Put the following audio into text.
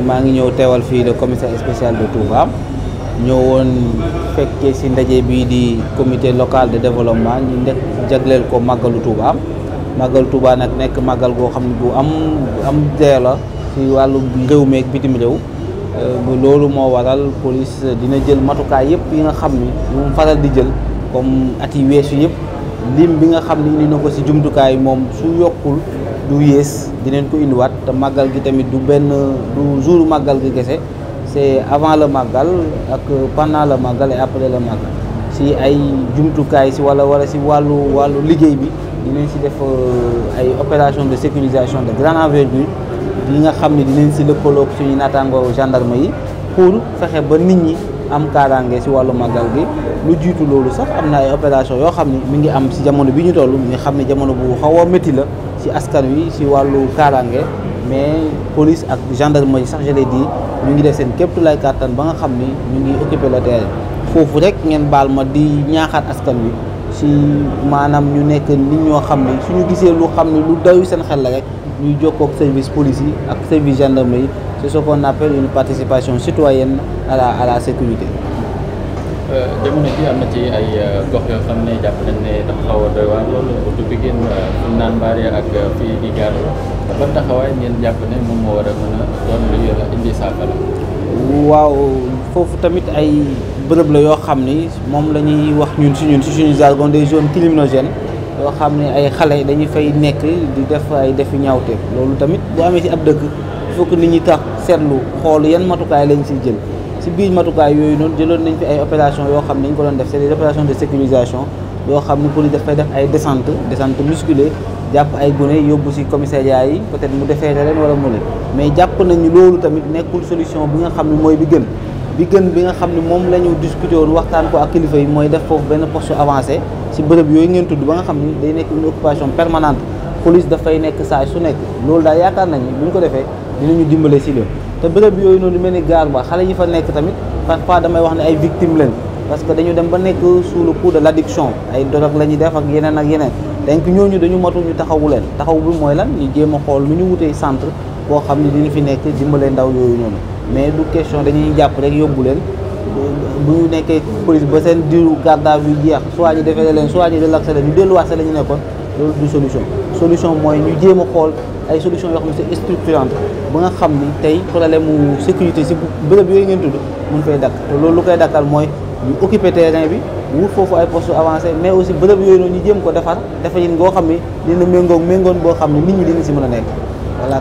maa ngi ñëw teewal fii de commissaire spécial de Touba ñoo woon fekkee ci ndaje bii di commité local de développement ñu nekk jagleel ko màggalu Touba màggalu Touba nag nekk màggal goo xam ne bu am am dee la ci wàllu réew meek bitim réew euh, loolu moo waral police dina jël matukaay yëpp yi nga xam ni mu faral di jël comme at yi weesu yëpp lim bi nga xam ni indi na ko ci jumtukaay moom su yokkul du yées dinañ ko indiwaat te màggal gi tamit du benn du jour màggal gi gese c'est avant le màggal ak pendant la màggal et après le màggal si ay jumtukaay si wala wala si wàllu wàllu liggéey bi dinañ si def euh, ay opération de sécurisation de grande envergure yi nga xam ne dinañ si lëkkaloog suñu naataangoo gendarme yi pour fexe ba nit ñi am kaaraange si wàllu màggal gi lu jiitu loolu sax am na ay opération yoo xam ne mu ngi am si jamono bi ñu toll mi ngi xam ne jamono bu xaw a la ci askan wi ci wàllu kaaraange mais police ak gendarmerie sax je l'ai dit ñu ngi def seen képp lay kàttan ba nga xam ni ñu ngi occupé le terrain foofu rek ngeen baal ma di ñaaxaat askan wi ci maanaam ñu nekk nit ñoo xam ni ñu gisee lu xam ni lu dayu seen xel la rek ñuy jokkook service police yi ak service gendarmerie c'est ce qu'on appelle une participation citoyenne à la à la sécurité jamono ji am na ci ay gox yoo xam ne jàpp ne dafa xaw a doy waar loolu du Pikine fu naan mbaare ak fii di gaar ban jàpp ne moom moo waaw foofu tamit ay bërëb la yoo xam ni moom la ñuy wax ñun si suñu jargon des zones criminogènes yoo xam ne ay xale dañu fay nekk di def ay defi ñaawteef loolu tamit bu amee si ab dëkk il faut que nit ñi tax seetlu xool yan matukaay lañ siy jël ci biir matukaay yooyu noonu jëloon nañ fi ay opération yoo xam ne ñu ko doon def c'est des opérations de sécurisation yoo xam ne police dafay def ay descente descente musculée jàpp ay gune yóbbu si commissariat yi peut-être mu defee leen wala mu ne mais jàpp nañu loolu tamit nekkul solution bi nga xam ne mooy bi gën bi gën bi nga xam ne moom la ñu discuté woon waxtaan ko ak kilifa yi mooy def foofu benn poste avancé si bërëb yooyu ngeen tudd ba nga xam ni day nekk une occupation permanente police dafay nekk saa su nekk loolu daal yaakaar nañu bu ñu ko defee dinañu dimbale si lépp te bërëb yooyu noonu mel ni gaar ba xale yi fa nekk tamit parfois damay wax ne ay victime leen parce que dañu dem ba nekk sous le coup de l'addiction ay drogue la ñuy def ak yeneen ak yeneen donc ñooñu dañu matu ñu taxawu leen taxaw bi mooy lan ñu jéem a xool nu ñu wutee centre boo xam ni ne ñu fi nekk dimbale ndaw yooyu noonu mais du question dañuy jàpp rek yóbbu leen bu ñu nekkee police ba seen diiru garde à vue bi jeex soit ñu defee leen soit ñu delluwaat la ñu nekkoon loolu du solution solution mooy ñu jéem a xool ay solution yoo xam ne c'est structurante ba nga xam ni tey problème mu sécurité si bërëb yooyu ngeen tudd mun koy dakk te loolu lu koy dakkal mooy ñu occuper terrain bi wut foofu ay postes avancés mais aussi bërëb yooyu noonu ñu jéem ko defar defar yin ngoo xam ni dina méngoog méngoon boo xam ne nit ñi dina si mën a nekk voilà